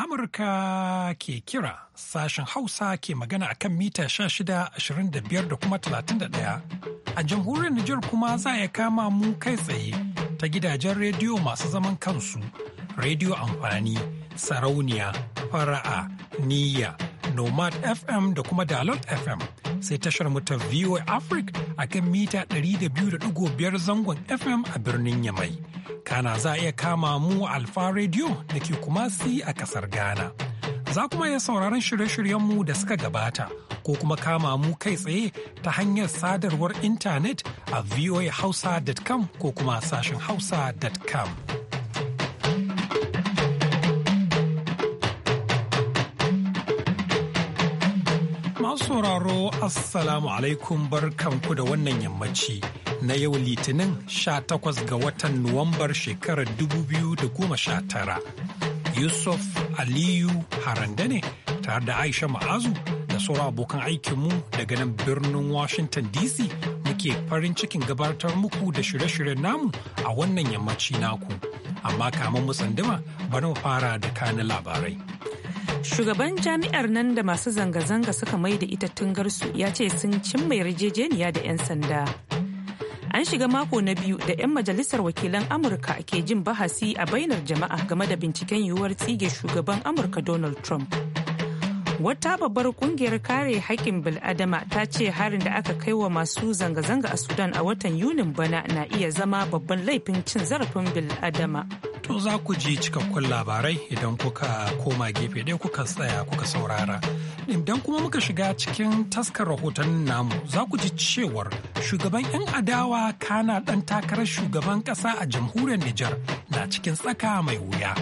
Amurka ke kira sashen Hausa ke magana a kan mita 1625 da kuma 31. A jamhuriyar Nijar kuma za ya kama mu kai tsaye ta gidajen rediyo masu zaman kansu, rediyo amfani, sarauniya, fara'a, niyya, nomad fm da kuma Dalot fm sai tashar ta voa africa a kan mita 200.5 zangon fm a birnin yamai kana za a iya kama mu alfa radio da ke kumasi a kasar ghana za kuma iya sauraron shirye-shiryenmu da suka gabata ko kuma kama mu kai tsaye ta hanyar sadarwar intanet a voahausa.com ko kuma sashen hausa.com. Masu sauraro Assalamu alaikum barkanku da wannan yammaci na yau Litinin 18 ga watan Nuwambar shekarar 2019. Yusuf Aliyu Haranda ne tare da Aisha Ma'azu da sauran abokan aikinmu daga nan birnin Washington DC muke farin cikin gabatar muku da shirye-shiryen namu a wannan yammaci naku. Amma kamar mu bari mu fara da kanin labarai. shugaban jami'ar nan da masu zanga-zanga suka mai da ita tungarsu ya ce sun cimma yarjejeniya da 'yan sanda an shiga mako na biyu da 'yan majalisar wakilan amurka ke jin bahasi a bainar jama'a game da binciken yiwuwar tsige shugaban amurka donald trump wata babbar kungiyar kare haƙƙin bil'adama ta ce harin da aka kai wa masu zanga-zanga a sudan a watan yunin bana na iya zama babban laifin cin zarafin bil'adama to za ku ji cikakkun labarai idan kuka koma gefe ɗaya kuka tsaya kuka saurara idan kuma muka shiga cikin taskar rahoton namu za ku ji cewar shugaban 'yan adawa kana ɗan takarar shugaban ƙasa a jamhuriyar nijar na cikin tsaka mai wuya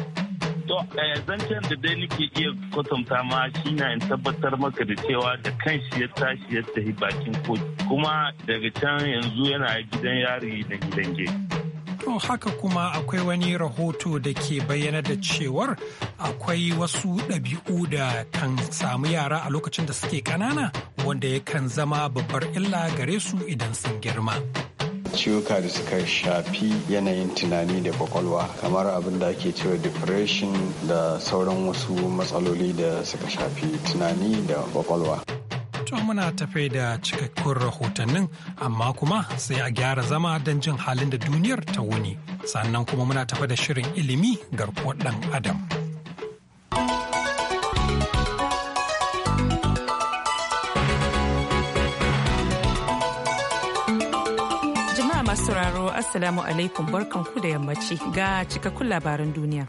To, eh, zancen da dai nake iya kwatanta ma shi na in tabbatar maka da cewa da kan shi ya tashi ya tafi bakin kotu kuma daga can yanzu yana gidan yari da gidan To haka kuma akwai wani rahoto da ke bayyana da cewar akwai wasu ɗabi'u da kan samu yara a lokacin da suke ƙanana wanda ya kan zama babbar illa gare su idan sun girma. ciwuka da suka shafi yanayin tunani da kwakwalwa kamar abin da ake cewa depression da sauran wasu matsaloli da suka shafi tunani da kwakwalwa. To muna tafe da cikakkun rahotannin amma kuma sai a gyara zama don jin halin da duniyar ta wuni sannan kuma muna tafe da shirin ilimi garkuwar ɗan adam. masu sauraro Assalamu alaikum ku da yammaci ga cikakkun labaran duniya.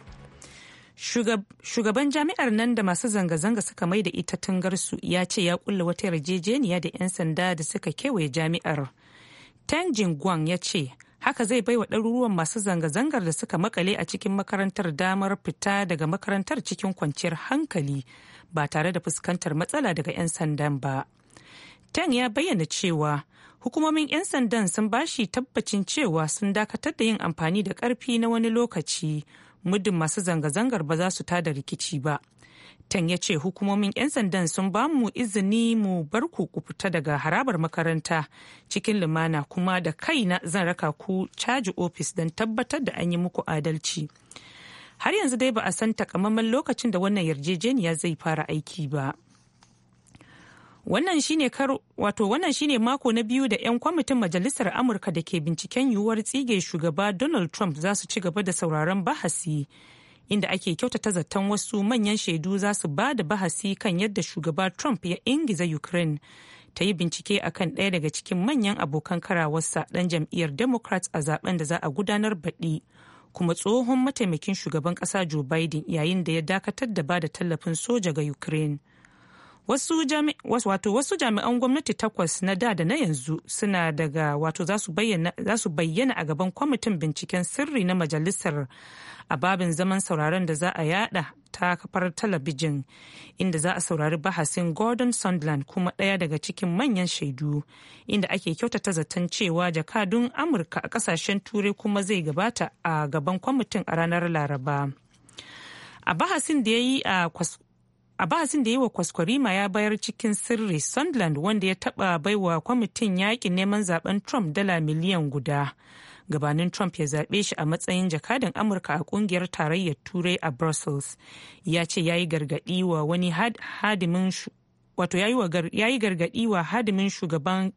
Shugaban jami'ar nan da masu zanga-zanga suka mai da ita tungarsu ya ce ya kulla wata yarjejeniya da 'yan sanda da suka kewaye jami'ar. Tanjin Gwang ya ce haka zai baiwa ɗaruruwan masu zanga-zangar da suka makale a cikin makarantar damar fita daga makarantar cikin kwanciyar hankali ba tare da fuskantar matsala daga 'yan sandan ba. Tan ya bayyana cewa hukumomin 'yan sandan sun bashi tabbacin cewa sun dakatar da yin amfani da karfi na wani lokaci muddin masu zanga-zangar ba za su tada rikici ba tan ya ce hukumomin 'yan sandan sun ba mu izini mu bar ku ku daga harabar makaranta cikin lumana kuma da kaina zan raka ku caji ofis don tabbatar da an yi muku adalci har yanzu dai ba a san takamaman lokacin da wannan yarjejeniya zai fara aiki ba. wannan shine kar wato wannan shine mako na biyu da 'yan kwamitin majalisar amurka da ke binciken yiwuwar tsige shugaba donald trump za su ci gaba da sauraron bahasi inda ake kyautata zaton wasu manyan shaidu za su ba da bahasi kan yadda shugaba trump ya ingiza ukraine ta yi bincike akan ɗaya daga cikin manyan abokan karawarsa ɗan jam'iyyar democrats a zaben da za a gudanar baɗi kuma tsohon mataimakin shugaban ƙasa joe biden yayin da ya dakatar da ba da tallafin soja ga ukraine wasu wato wasu jami'an gwamnati takwas na da da na yanzu suna daga wato za su bayyana a gaban kwamitin binciken sirri na majalisar a babin zaman sauraron da za a yada ta kafar talabijin inda za a saurari bahasin gordon sunderland kuma ɗaya daga cikin manyan shaidu inda ake kyautata zaton cewa jakadun amurka a ƙasashen turai kuma zai gabata a gaban kwamitin a ranar laraba a bahasin da ya yi a a Abbasin da yi wa kwaskwarima ya bayar cikin sirri Sunderland wanda ya taba baiwa kwamitin yakin neman zaben Trump dala miliyan guda. Gabanin Trump ya zaɓe shi a matsayin jakadan Amurka a ƙungiyar tarayyar Turai a Brussels. Ya ce ya yi gargaɗi wa wani hadimin wato ya gargaɗi wa hadimin shugaban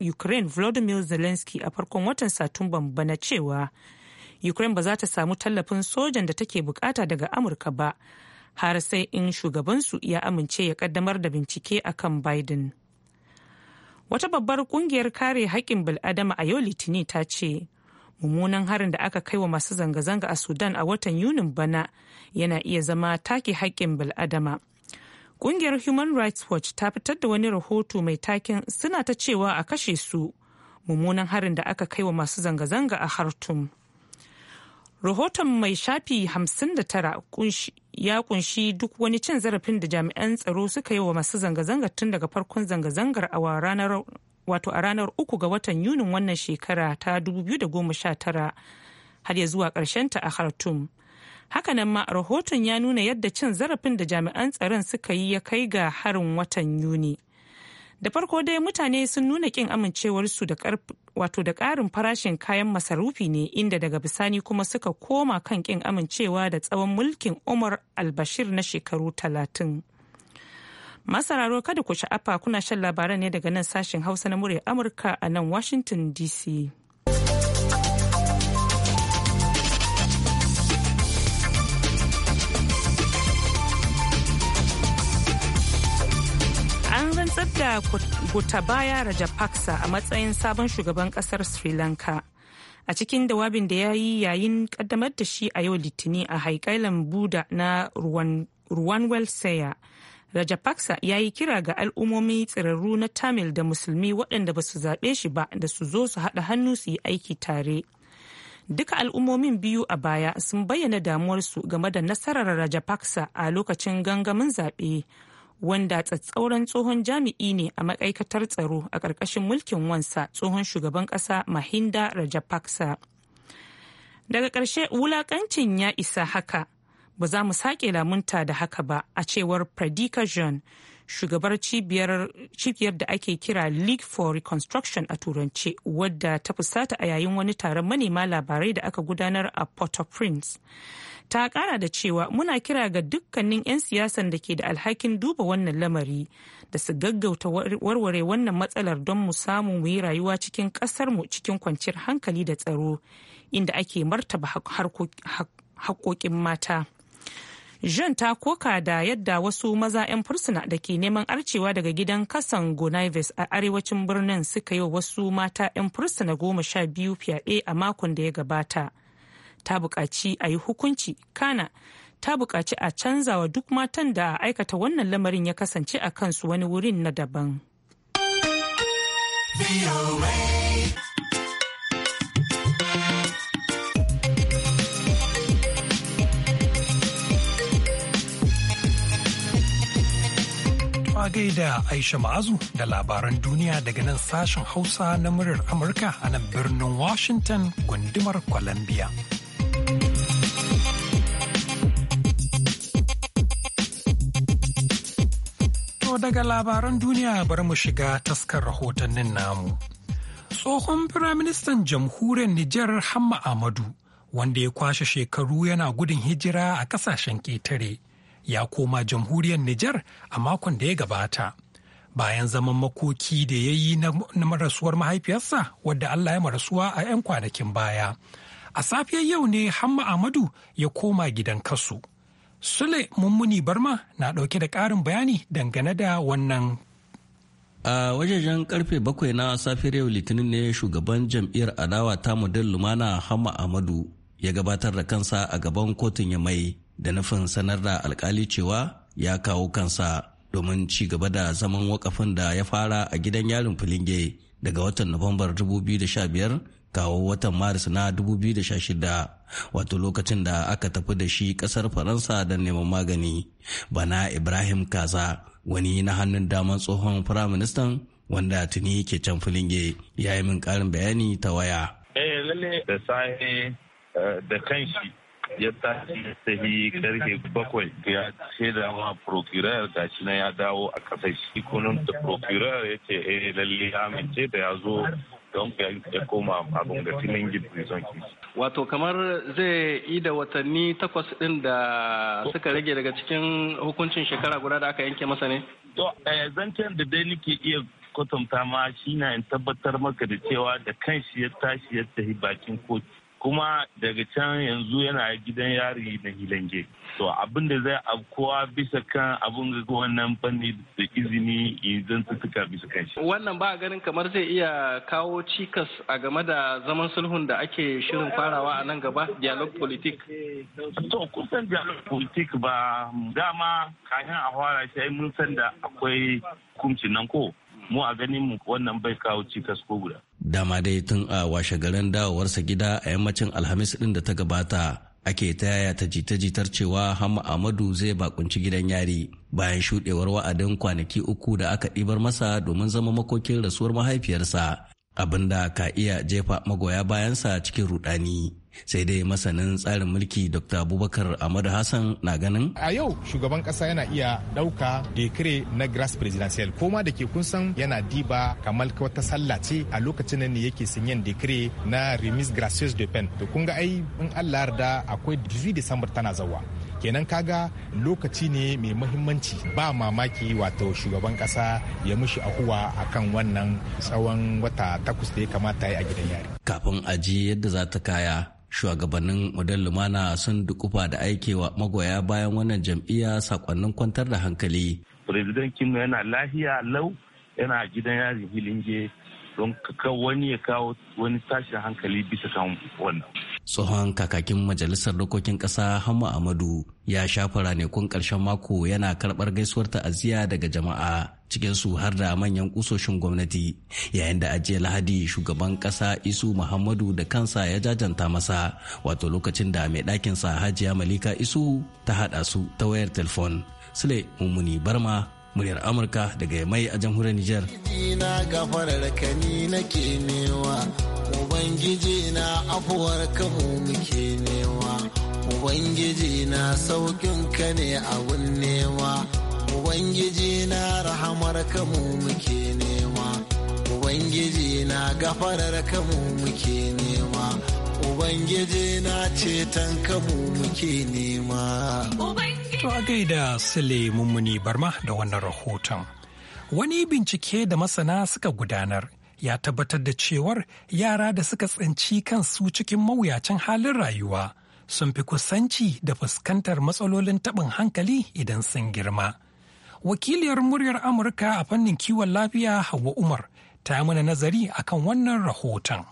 Ukraine Volodymyr Zelensky a farkon watan Satumban bana cewa Ukraine ba za ta samu tallafin sojan da take bukata daga Amurka ba. har sai in shugabansu ya amince ya kaddamar da bincike a kan biden wata babbar kungiyar kare haƙƙin bil'adama a yau litinin ta ce mummunan harin da aka kai wa masu zanga-zanga a sudan a watan yunin bana yana iya zama take haƙƙin bil'adama kungiyar human rights watch ta fitar da wani rahoto mai takin suna ta cewa a kashe su mummunan harin da aka kai wa masu zanga-zanga a hartum rahoton mai shafi 59 ya kunshi duk wani cin zarafin da jami'an tsaro suka yi wa masu zanga zanga tun daga farkon zanga-zangar a ranar wato a ranar uku ga watan yunin wannan shekara ta 2019 har ya zuwa ta a khartoum hakanan ma rahoton ya nuna yadda cin zarafin da jami'an tsaron suka yi ya kai ga harin watan yuni da farko dai mutane sun nuna kin amincewarsu da wato da ƙarin farashin kayan masarufi ne inda daga bisani kuma suka koma kan ƙin amincewa da tsawon mulkin umar albashir na shekaru talatin. masararo kada ku sha'afa kuna shan labaran ne daga nan sashen hausa na murya amurka a nan washington dc rantsar da Gotabaya Rajapaksa a matsayin sabon shugaban kasar Sri Lanka. A cikin dawabin da ya yi yayin kaddamar da shi a yau Litini a haikailan Buda na Ruwanwel Seya. Rajapaksa ya yi kira ga al'ummomi tsirarru na Tamil da Musulmi waɗanda ba su zaɓe shi ba da su zo su haɗa hannu su yi aiki tare. duka al'ummomin biyu a baya sun bayyana damuwarsu game da nasarar Rajapaksa a lokacin gangamin zaɓe wanda tsatsauran tsohon jami'i ne a ma'aikatar tsaro a ƙarƙashin mulkin wansa tsohon shugaban ƙasa mahinda rajapaksa daga ƙarshe wulaƙancin ya isa haka ba za mu sake lamunta da haka ba a cewar Pradika john shugabar cibiyar da ake kira League for Reconstruction a Turance, wadda ta fusata a yayin wani taron manema labarai da aka gudanar a Port-au-Prince. ta kara da cewa muna kira ga dukkanin 'yan siyasan da ke da alhakin duba wannan lamari da su gaggauta warware wannan matsalar don mu samu mu yi rayuwa cikin ƙasarmu cikin kwanciyar hankali da tsaro inda ake martaba haƙoƙin mata. Jean ta koka da yadda wasu maza 'yan fursuna da ke neman arcewa daga gidan kasan gonaives a arewacin birnin suka yi wa wasu mata 'yan fursuna goma sha biyu fyaɗe a makon da ya gabata. ta buƙaci a yi hukunci kana ta buƙaci a canza wa duk matan da aikata wannan lamarin ya kasance a kansu wani wurin na daban. gaida Aisha Ma'azu da labaran duniya daga nan sashen Hausa na muryar Amurka a nan birnin Washington gundumar Columbia. To daga labaran duniya bar mu shiga taskar rahotannin namu. Tsohon Firaministan Jamhuriyar Nijar Hamma Amadu, wanda ya kwashe shekaru yana gudun hijira a kasashen ƙetare, ya koma Jamhuriyar Nijar a makon da ya gabata. Bayan zaman makoki da ya yi na marasuwar mahaifiyarsa wadda Allah ya marasuwa a 'yan kwanakin baya, A safiyar yau ne Hamma Ahmadu ya koma gidan kasu. Sule Mummuni Barma na ɗauke da ƙarin bayani dangane da wannan a wajejen karfe bakwai na safiyar yau litinin ne shugaban jam'iyyar adawa ta model lumana Hamma Ahmadu ya gabatar da kansa a gaban kotun ya mai da nufin sanar da alkali cewa ya kawo kansa domin ci gaba da zaman wakafin da ya fara a gidan yarin filinge daga watan nuwambar 2015 kawo watan maris na 2016 wato lokacin da aka tafi da shi kasar faransa don neman magani bana ibrahim kaza wani na hannun daman tsohon firaministan wanda tuni ke can filinge ya yi min karin bayani ta waya eh lalle da sahi eh, da kanshi ya tashi sahi karfe bakwai ya ce da ma procurer gashi na ya dawo a kasar shi kunun da procurer ya ce eh lalle amince da ya zo Don ya koma a ga filin prison wato kamar zai yi da watanni takwas din da suka rage daga cikin hukuncin shekara guda da aka yanke masa ne to eh, zancen da dai nake iya kwatanta ma shi na tabbatar maka da cewa da kan shi ya tashi ya tafi bakin kotu kuma daga can yanzu yana gidan yari na hilange to abin da zai afkuwa bisa kan abin ga wannan fanni da izini idan suka bisa kan shi wannan ba ganin kamar zai iya kawo cikas a game da zaman sulhun da ake shirin farawa a nan gaba dialog politik to kusan dialog politik ba dama kafin a fara shi mun san da akwai kumci nan ko mu a ganin mu wannan bai kawo cikas ko guda dama dai tun a washe garin dawowarsa gida a yammacin alhamis din da ta gabata ake ta yaya ta jita-jitar cewa hamma amadu zai bakunci gidan yari bayan shuɗewar wa'adin kwanaki uku da aka ɗibar masa domin zama makokin rasuwar mahaifiyarsa abinda ka iya jefa magoya bayansa cikin rudani sai dai masanin tsarin mulki dr abubakar amadu hassan na ganin a yau shugaban kasa yana iya ɗauka dekire na grass presidential koma da ke kun san yana diba kamar wata sallah ce a lokacin da ne yake sinyan dekare na remise gracieuse de pen to kun ga ai in allah da akwai 18 december tana zawa kenan kaga lokaci ne mai muhimmanci ba mamaki wato shugaban kasa ya mushi a kan wannan tsawon wata takwas da ya kamata ya a gidan yari kafin aji yadda za ta kaya shugabannin model lumana sun dukufa da aikewa magoya bayan wannan jam'iyya sakonnin kwantar da hankali president kinu yana lahiya lau yana gidan yari hilinge don kawai wani ya kawo wani tashin hankali bisa kan wannan tsohon kakakin majalisar dokokin ƙasa hamma amadu ya shafa ranakun ƙarshen mako yana karɓar gaisuwar ta'aziyya daga jama'a cikinsu har da manyan ƙusoshin gwamnati yayin da ajiya lahadi shugaban ƙasa isu muhammadu da kansa ya jajanta masa wato lokacin da mai ɗakinsa hajiya malika isu ta haɗa su ta wayar telefon sule mummuni barma muryar amurka daga mai a jamhuriyar niger na gafarar ni nake newa ubangiji na afuwar ka muke newa ubangiji na saukin ka ne abun newa ubangiji na rahamar ka muke nema ubangiji na gafarar ka muke nema ubangiji na ceton ka muke nema To a gaida Sule Mummuni Barma da wannan rahoton. Wani bincike da masana suka gudanar ya tabbatar da cewar yara da suka tsinci kansu cikin mawuyacin halin rayuwa sun fi kusanci da fuskantar matsalolin taɓin hankali idan sun girma. Wakiliyar muryar Amurka a fannin kiwon lafiya Hauwa Umar ta mana nazari akan wannan rahoton.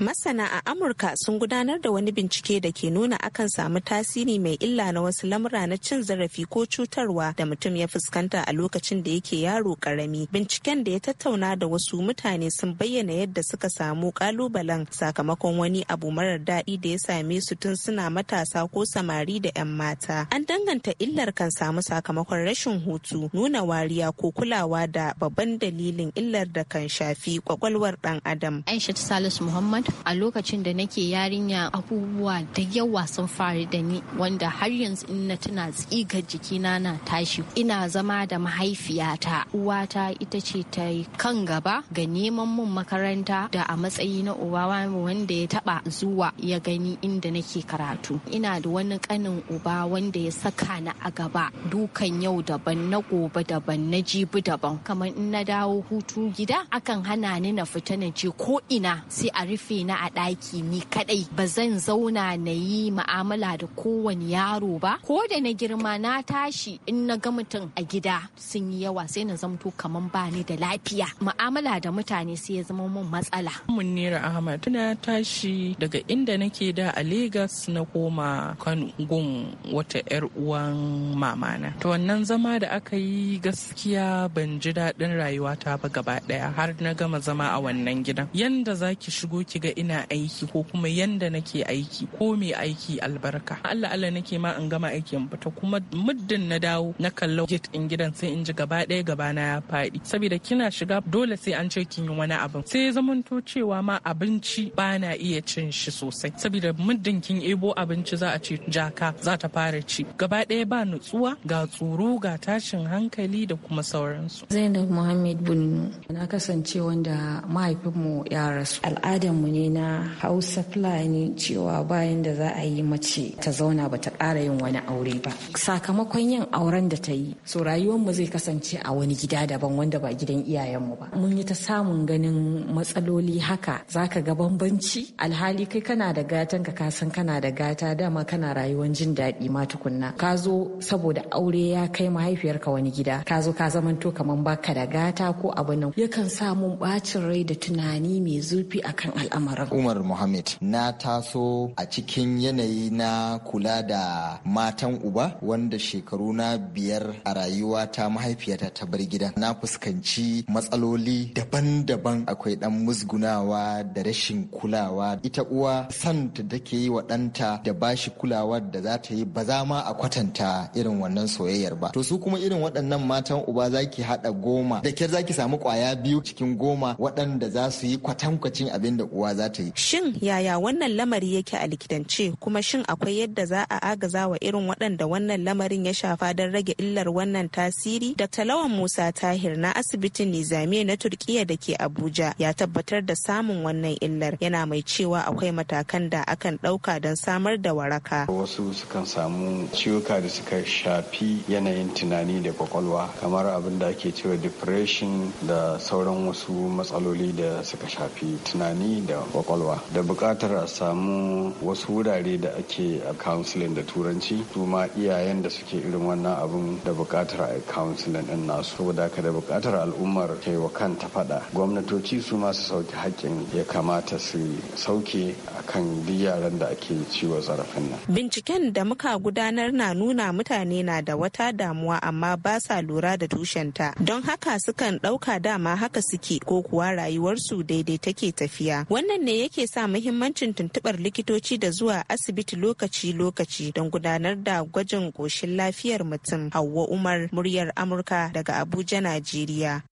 masana a amurka sun gudanar da wani bincike da ke nuna akan samu tasiri mai illa na wasu lamura na cin zarafi ko cutarwa da mutum ya fuskanta a lokacin da yake yaro karami binciken da ya tattauna da wasu mutane sun bayyana yadda suka samu kalubalen sakamakon wani abu marar daɗi da ya same su tun suna matasa ko samari da 'yan mata an danganta illar kan samu sakamakon rashin hutu nuna wariya ko kulawa da babban dalilin illar da kan shafi kwakwalwar ɗan adam aisha salisu muhammad a lokacin da nake yarinya abubuwa da yawa sun faru da ni wanda har yanzu in na tuna tsiga jikina na tashi ina zama da mahaifiyata uwata ita ce ta yi kan gaba ga neman mun makaranta da a matsayi na uba wanda ya taba zuwa ya gani inda nake karatu ina da wani kanin uba wanda ya saka ni a gaba dukan yau daban na gobe daban na jibi daban kamar in na dawo hutu gida akan hana ni na fita na je ko ina sai a rufe kaina a ɗaki ni kaɗai ba zan zauna na yi ma'amala da kowane yaro ba ko da na girma na tashi in na ga mutum a gida sun yi yawa sai na zamto kamar ba ni da lafiya ma'amala da mutane sai ya zama mun matsala. Munira Ahmad na tashi daga inda nake da a Legas na koma Kano gun wata 'yar uwan mamana. To wannan zama da aka yi gaskiya ban ji daɗin rayuwata ba gaba ɗaya har na gama zama a wannan gidan. Yanda za ki shigo ki ga ina aiki ko kuma yanda nake aiki ko me aiki albarka Allah Allah nake ma in gama aikin in fita kuma muddin na dawo na kallon gate in gidan sai in ji gaba ɗaya gaba na ya faɗi saboda kina shiga dole sai an ce kin yi wani abin sai zamanto cewa ma abinci ba na iya cin shi sosai saboda muddin kin ebo abinci za a ce jaka za ta fara ci gaba ɗaya ba nutsuwa ga tsoro ga tashin hankali da kuma sauransu zainab muhammad Bunnu na kasance wanda mahaifinmu ya rasu al'adarmu ne na hausa fulani cewa bayan da za a yi mace ta zauna ba ta ƙara yin wani aure ba sakamakon yin auren da ta yi so mu zai kasance a wani gida daban wanda ba gidan iyayen mu ba mun yi ta samun ganin matsaloli haka zaka ga bambanci alhali kai kana da gatan ka san kana da gata dama kana rayuwar jin daɗi ma tukunna ka zo saboda aure ya kai mahaifiyarka wani gida ka zo ka zamanto kamar baka da gata ko abu nan yakan sa mun bacin rai da tunani mai zurfi akan al'amari al'amarin. Umar Muhammad na taso a cikin yanayi na kula da matan uba wanda shekaru na biyar a rayuwa ta mahaifiyata ta bar gida. Na fuskanci matsaloli daban-daban akwai ɗan musgunawa da rashin kulawa. Ita uwa san da take yi wa ɗanta da ba shi kulawa da za ta yi ba za ma a kwatanta irin wannan soyayyar ba. To su kuma irin waɗannan matan uba za ki haɗa goma da kyar za ki samu ƙwaya biyu cikin goma waɗanda za su yi kwatankwacin abin da uwa za ta yi shin yaya wannan lamari yake a likitance kuma shin akwai yadda za a agaza wa irin waɗanda wannan lamarin ya shafa don rage illar wannan tasiri dr lawan musa tahir na asibitin nizamiya na Turkiyya da ke abuja ya tabbatar da samun wannan illar yana mai cewa akwai matakan da akan ɗauka don samar da waraka wasu sukan samu ciwuka da suka shafi yanayin tunani da kwakwalwa kamar abin da ake cewa depression da sauran wasu matsaloli da suka shafi tunani da kwakwalwa da buƙatar a samu wasu wurare da ake a counseling da turanci su iyayen da suke irin wannan abun da buƙatar a counseling din nasu saboda ka da buƙatar al'ummar kai wa kanta faɗa gwamnatoci su ma su sauke haƙƙin ya kamata su sauke akan duk yaran da ake ciwo zarafin nan binciken da muka gudanar na nuna mutane na da wata damuwa amma ba sa lura da tushenta don haka sukan ɗauka dama haka suke ko kuwa rayuwarsu daidai take tafiya wannan wannan ne yake sa muhimmancin tuntubar likitoci da zuwa asibiti lokaci-lokaci don gudanar da gwajin ƙoshin lafiyar mutum Hauwa Umar muryar Amurka daga Abuja, Najeriya.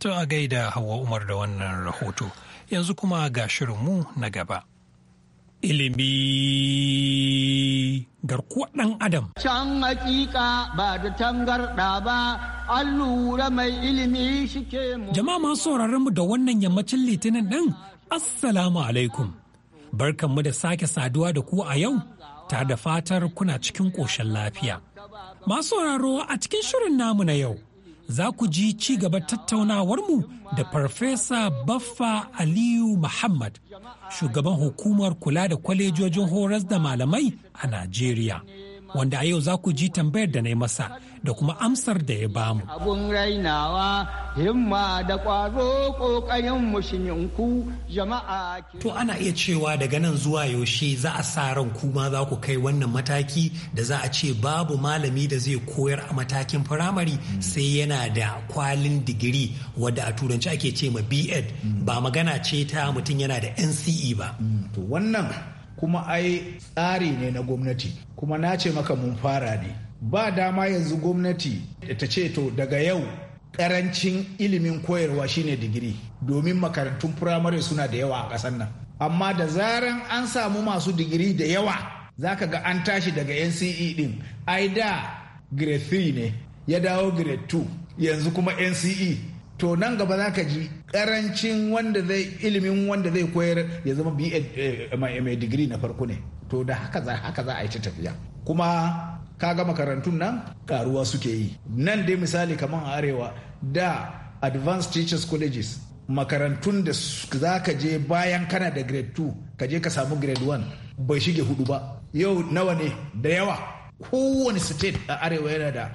To a gaida Hauwa Umar da wannan rahoto. Yanzu kuma ga shirinmu na gaba. Ilimi garkuwar ɗan Adam. Can hakika ba da tangarɗa ba, an lura mai ilimi shi ke mu. Jama'a masu sauraron mu da wannan yammacin litinin din? Assalamu alaikum, barkanmu da sake saduwa da ku a yau, tare da fatar kuna cikin ƙoshin lafiya. Masu sauraro a cikin shirin namu na yau, za ku ji ci gaba tattaunawarmu da Farfesa Baffa Aliyu Muhammad, shugaban hukumar kula da kwalejojin horas da malamai a Najeriya. wanda a yau za ku ji tambayar da na yi masa da kuma amsar da ya bamu. Abun rainawa himma da ƙwazo ƙoƙarin Mushininku, jama'a. To ana iya cewa daga nan zuwa yaushe za a sa ran kuma za ku kai wannan mataki da za a ce babu malami da zai koyar a matakin firamare sai yana da kwalin digiri wadda a turanci ake ce ma B.Ed ba magana ce ta mutum yana da NCE ba. Mm, to wannan kuma ai tsari ne na gwamnati kuma na ce maka mun fara ne ba dama yanzu gwamnati ta ce to daga yau karancin ilimin koyarwa shine digiri domin makarantun firamare suna da yawa a ƙasar nan amma da zaran an samu masu digiri da yawa za ka ga an tashi daga nce din ai da grade 3 ne ya dawo grade 2 yanzu kuma nce to nan gaba za ka ji karancin wanda zai ilimin wanda zai koyar ya zama eh, mai digiri na farko ne to da haka za a yi ta tafiya kuma ka ga makarantun nan karuwa suke yi nan dai misali kamar a arewa da advanced teachers colleges makarantun da za ka je bayan kana da grade 2 ka je ka samu grade 1 bai shige hudu ba yau nawa ne da yawa kowane state a arewa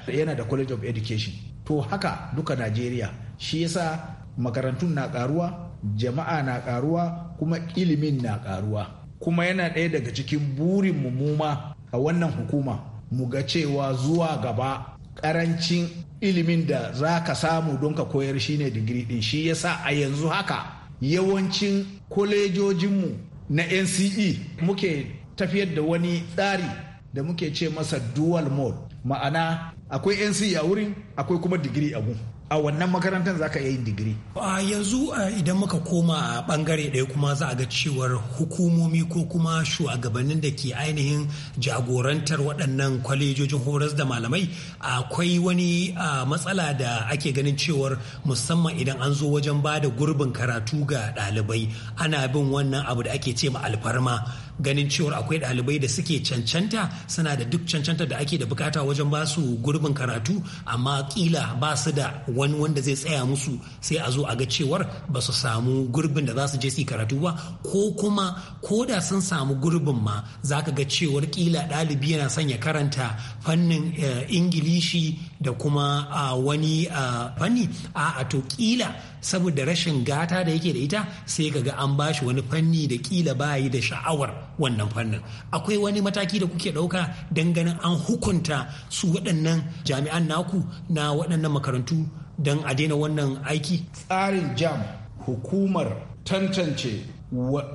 yana da college of education to haka duka najeriya shi yasa makarantun na karuwa jama'a na karuwa kuma ilimin na karuwa kuma yana ɗaya daga cikin burin mu ma a wannan hukuma mu ga cewa zuwa gaba karancin ilimin da za ka samu don ka koyar shi ne digiri din shi yasa a yanzu haka yawancin kwalejojinmu na nce muke tafiyar da wani tsari da muke ce masa dual mode ma'ana akwai nce a wurin akwai kuma digiri a gun a wannan makarantar za ka iya yin digiri. a yanzu idan muka koma a bangare ɗaya kuma za a ga cewar hukumomi ko kuma shugabannin da ke ainihin jagorantar waɗannan kwalejojin horas da malamai akwai wani matsala da ake ganin cewar musamman idan an zo wajen ba da gurbin karatu ga ɗalibai ana bin wannan abu da ake ce ma alfarma ganin cewar akwai ɗalibai da suke cancanta suna da duk cancanta da ake da bukata wajen ba su gurbin karatu amma kila ba su da wani wanda zai tsaya musu sai a zo a ga cewar ba su samu gurbin da za su je su karatu ba ko kuma ko da sun samu gurbin ma za ka ga cewar kila ɗalibi yana son ya karanta fannin eh, ingilishi da kuma ah, wani ah, fanni a to kila saboda rashin gata da yake da ita sai ka ga an bashi wani fanni da kila bayi da sha'awar wannan fannin akwai wani mataki da kuke ɗauka don ganin an hukunta su waɗannan jami'an naku na waɗannan makarantu don a daina wannan aiki tsarin jam hukumar tantance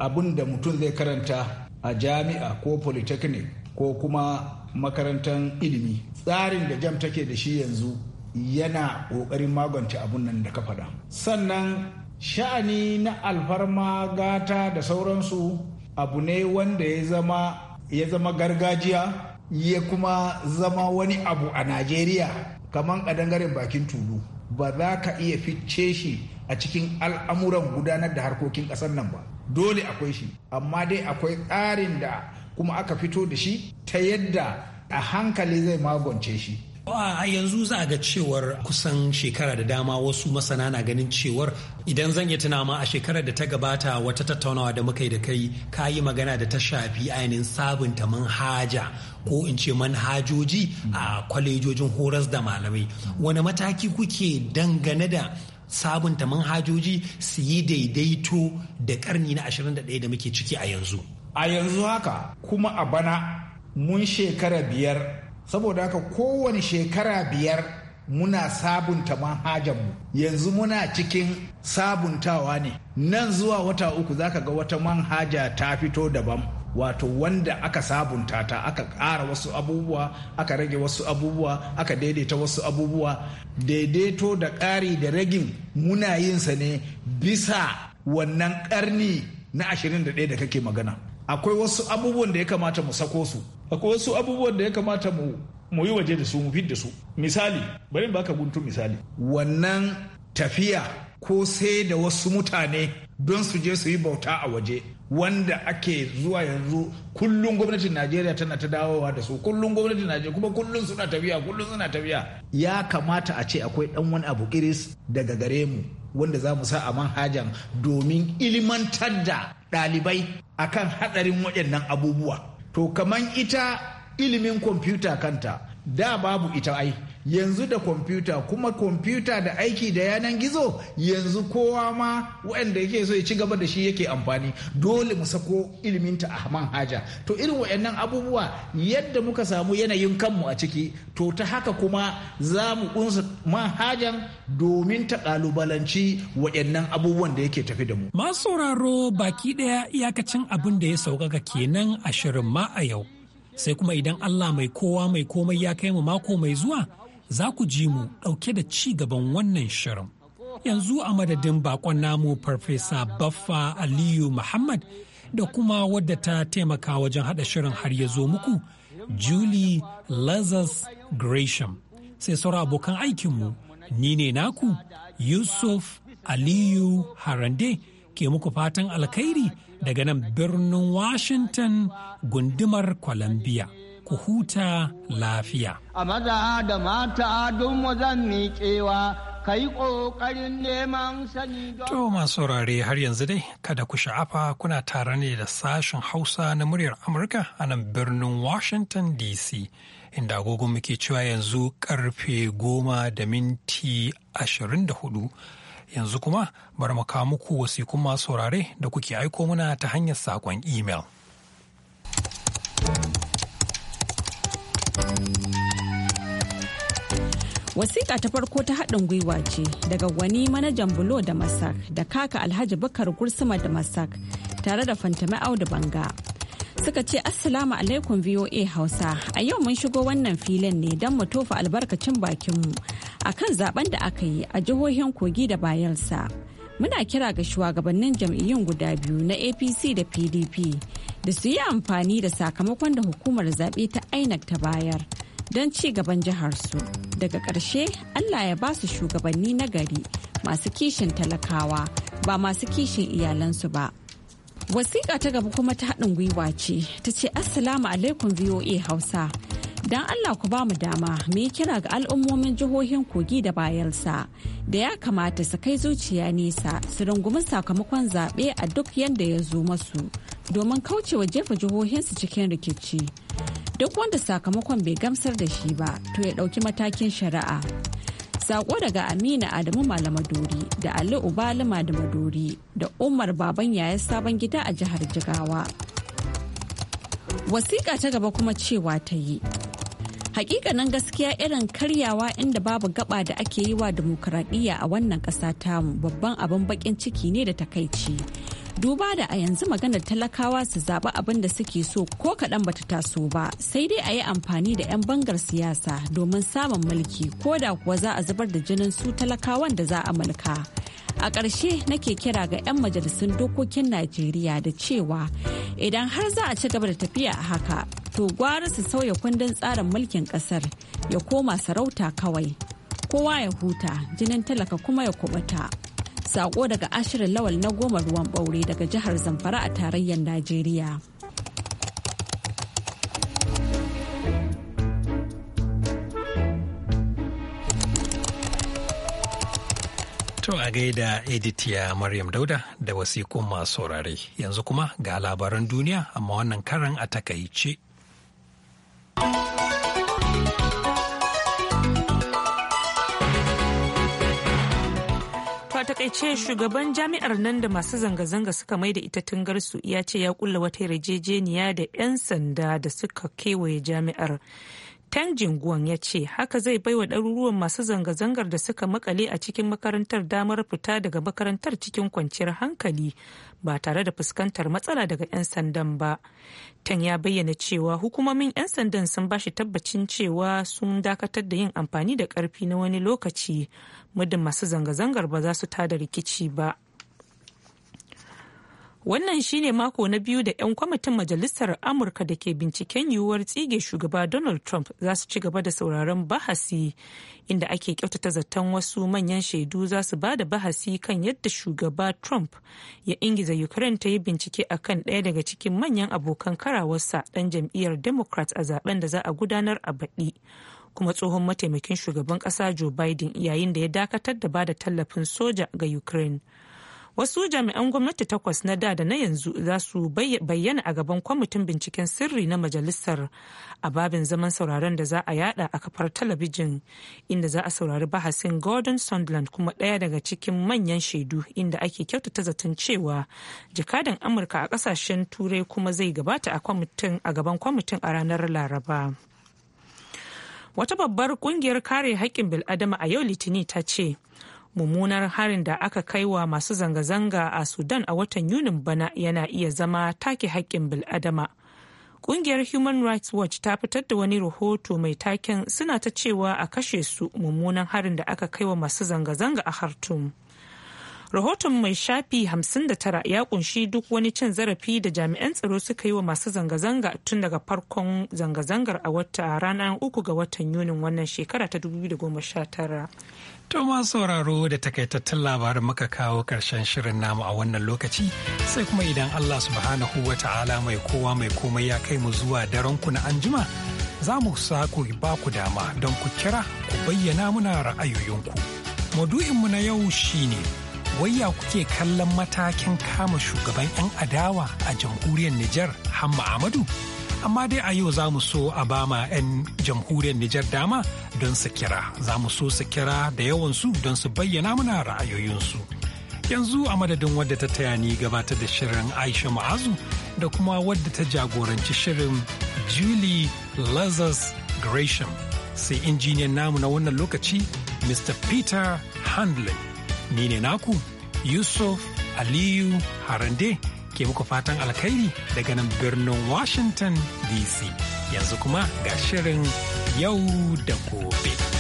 abin da mutum zai karanta a jami'a ko polytechnic ko kuma makarantar ilimi tsarin da jam take da shi yanzu yana ƙoƙarin magance abun nan da ka faɗa sannan sha'ani na alfarma gata da sauransu abu ne wanda ya zama ya zama gargajiya ya kuma zama wani abu a najeriya kamar ƙadangaren bakin tulu ba za ka iya fice shi a cikin al'amuran gudanar da harkokin ƙasar nan ba dole akwai shi amma dai akwai tsarin da kuma aka fito da shi ta yadda a hankali zai magance shi A yanzu za a ga cewar kusan shekara da dama wasu masana na ganin cewar idan zan yi tunama a shekarar da ta gabata wata tattaunawa da muka yi da kai ka yi magana da ta shafi ainihin sabunta manhaja ko in ce manhajoji a kwalejojin horas da malamai. Wani mataki kuke dangane da sabunta manhajoji su yi daidaito da karni na 21 da muke ciki a yanzu? A yanzu haka kuma a bana mun shekara biyar saboda haka kowane shekara biyar muna sabunta manhajanmu yanzu muna cikin sabuntawa ne nan zuwa wata uku zaka ga wata manhaja ta fito daban wato wanda aka sabunta ta aka ƙara wasu abubuwa aka rage wasu abubuwa aka daidaita wasu abubuwa daidaito da ƙari da ragin muna yin sa ne bisa wannan ƙarni na 21 da kake magana akwai wasu abubuwan da ya kamata mu sako su akwai wasu abubuwan da ya kamata mu mu yi waje da su mu fid da su misali bari baka guntun misali wannan tafiya ko sai da wasu mutane don su je su yi bauta a waje wanda ake zuwa yanzu kullum gwamnatin najeriya tana ta dawowa da su kullum gwamnatin najeriya kuma kullum suna tafiya kullum suna tafiya ya kamata a ce akwai dan wani abu iris daga gare mu wanda za mu sa a manhajan domin ilimantar da ɗalibai akan haɗarin waɗannan abubuwa to kaman ita ilimin kwamfuta kanta da babu ita ai yanzu da kwamfuta kuma kwamfuta da aiki da yanan gizo yanzu kowa ma waɗanda yake so ya ci gaba da shi yake amfani dole mu sako iliminta a manhaja to irin waɗannan abubuwa yadda muka samu yanayin kanmu a ciki to ta haka kuma za mu kunsa manhajan domin ta ƙalubalanci waɗannan abubuwan da yake tafi da mu. masu sauraro baki ɗaya iyakacin abin da ya sauƙaƙa kenan a shirin ma a yau sai kuma idan allah mai kowa mai komai ya kai mu mako mai zuwa za ku ji mu ɗauke da ci gaban wannan shirin. Yanzu a madadin bakon namu Farfesa Baffa Aliyu Muhammad da kuma wadda ta taimaka wajen haɗa shirin har ya zo muku, Julie Lazarus Gresham. Sai saura abokan aikinmu, ni ne naku Yusuf Aliyu Harande ke muku fatan alkhairi daga nan birnin Washington gundumar Columbia. ku huta lafiya. A maza da mata don wazan miƙewa kai ƙoƙarin neman sani To masu saurare har yanzu dai kada ku sha'afa kuna tare ne da sashen Hausa na muryar Amurka a nan birnin Washington DC. Inda agogon muke cewa yanzu karfe goma da minti ashirin da hudu. Yanzu kuma bar mu kawo muku wasikun masu saurare da kuke aiko muna ta hanyar saƙon imel. Wasiƙa ta farko ta haɗin gwiwa ce daga wani manajan bulo da Masak da kaka Alhaji Bakar Gursuma da Masak tare da Fantame Audu Banga. Suka ce Assalamu alaikum VOA Hausa a yau mun shigo wannan filin ne don mu tofa albarkacin bakinmu a kan zaben da aka yi a jihohin Kogi da Bayelsa. Muna kira ga shugabannin jam'iyyun guda biyu na APC da PDP da su yi amfani da sakamakon da hukumar zaɓe ta INEC ta bayar don ci gaban jiharsu. Daga ƙarshe Allah ya ba su shugabanni na gari masu kishin talakawa ba masu kishin iyalansu ba. Wasiƙa ta gaba kuma ta haɗin gwiwa ce ta ce Assalamu alaikum VOA Hausa. don Allah ku ba mu dama mu yi kira ga al'ummomin jihohin kogi da bayelsa da ya kamata su kai zuciya nesa su rungumi sakamakon zaɓe a duk yadda ya zo masu domin kaucewa jefa jihohinsu cikin rikici duk wanda sakamakon bai gamsar da shi ba to ya ɗauki matakin shari'a Sako daga Amina Adamu Malamadori da Ali Ubali Malamadori da Umar Baban Yaya Sabon Gida a jihar Jigawa. Wasiƙa ta gaba kuma cewa ta yi, Hakikanin gaskiya irin karyawa inda babu gaba da ake yi wa dimokuraɗiyya a wannan ƙasa tamu babban abin baƙin ciki ne da takaici. duba da a yanzu maganar talakawa su zaɓi abin da suke so ko kaɗan bata taso ba sai dai a yi amfani da 'yan bangar siyasa domin samun mulki ko da kuwa za a zubar da jinin su talakawan da za a mulka a ƙarshe nake kira ga 'yan majalisun dokokin najeriya da cewa idan har za a ci gaba da tafiya a haka to gwara su sauya kundin tsarin mulkin kasar ya koma sarauta kawai kowa ya huta jinin talaka kuma ya kubuta sako daga ashirin lawal na goma ruwan ɓaure daga jihar zamfara a tarayyar najeriya To a gaida editiya Maryam Dauda da wasiƙun masu saurare yanzu kuma ga labaran duniya amma wannan karan a takaice. taƙaice shugaban jami'ar nan da masu zanga-zanga suka mai da ita tungarsu ya ce ya kulla wata yarjejeniya da 'yan sanda da suka kewaye jami'ar Ken Jingguang ya ce haka zai baiwa ɗaruruwan masu zanga-zangar da suka makale a cikin makarantar damar fita daga makarantar cikin kwanciyar hankali ba tare da fuskantar matsala daga 'yan sandan ba. ten ya bayyana cewa hukumomin 'yan sandan sun ba shi tabbacin cewa sun dakatar da yin amfani da ƙarfi na wani lokaci muddin masu zanga-zangar ba za su tada rikici ba. Wannan shine mako na biyu da 'yan kwamitin Majalisar Amurka da ke binciken yiwuwar tsige shugaba Donald Trump za su ci gaba da sauraron bahasi inda ake kyautata zaton wasu manyan shaidu za su ba da bahasi kan yadda shugaba Trump ya ingiza Ukraine ta yi bincike a kan ɗaya daga cikin manyan abokan karawarsa ɗan jam'iyyar Democrat a zaben da za a gudanar a baɗi. kuma tsohon mataimakin shugaban ƙasa Joe Biden yayin da ya dakatar da bada tallafin soja ga Ukraine. wasu jami'an gwamnati takwas na da da na yanzu za su bayyana a gaban kwamitin binciken sirri na majalisar a babin zaman sauraron da za a yada a kafar talabijin inda za a saurari bahasin gordon sunderland kuma ɗaya daga cikin manyan shaidu inda ake kyautata zaton cewa jakadan amurka a ƙasashen turai kuma zai gabata a gaban kwamitin a ranar laraba wata babbar kungiyar kare haƙƙin bil'adama a yau litinin ta ce mummunar harin da aka kai wa masu zanga-zanga a sudan a watan yunin bana yana iya zama take haƙƙin bil'adama ƙungiyar human rights watch ta fitar da wani rahoto mai taken suna ta cewa a kashe su mummunan harin da aka kai wa masu zanga-zanga a hartum rahoton mai shafi 59 ya kunshi duk wani cin zarafi da jami'an tsaro suka yi wa masu zanga-zanga tun daga farkon zanga-zangar a wata ranar uku ga watan yunin wannan shekara ta 2019 To masu sauraro da takaitattun labarin muka kawo ƙarshen shirin namu a wannan lokaci sai kuma idan Allah subhanahu wa ta'ala mai kowa mai komai ya kai mu zuwa daren ku na anjima za mu sa ku ba ku dama don ku kira ku bayyana muna ra'ayoyinku. Maudu'inmu na yau shine wayya kuke kallon matakin kama shugaban 'yan adawa a jamhuriyar Nijar Hamma Amadu? amma dai a yau za mu so a ba ma 'yan jamhuriyar Nijar dama don su kira za mu so su kira da yawansu don su bayyana mana ra'ayoyinsu yanzu a madadin wadda ta taya ni gabatar da shirin aisha ma'azu da kuma wadda ta jagoranci shirin julie lazarus gresham sai injiniyan namu na wannan lokaci mr peter handley ni ne naku yusuf aliyu harande ke muku fatan alkhairi daga nan birnin Washington DC. Yanzu kuma ga shirin yau da gobe.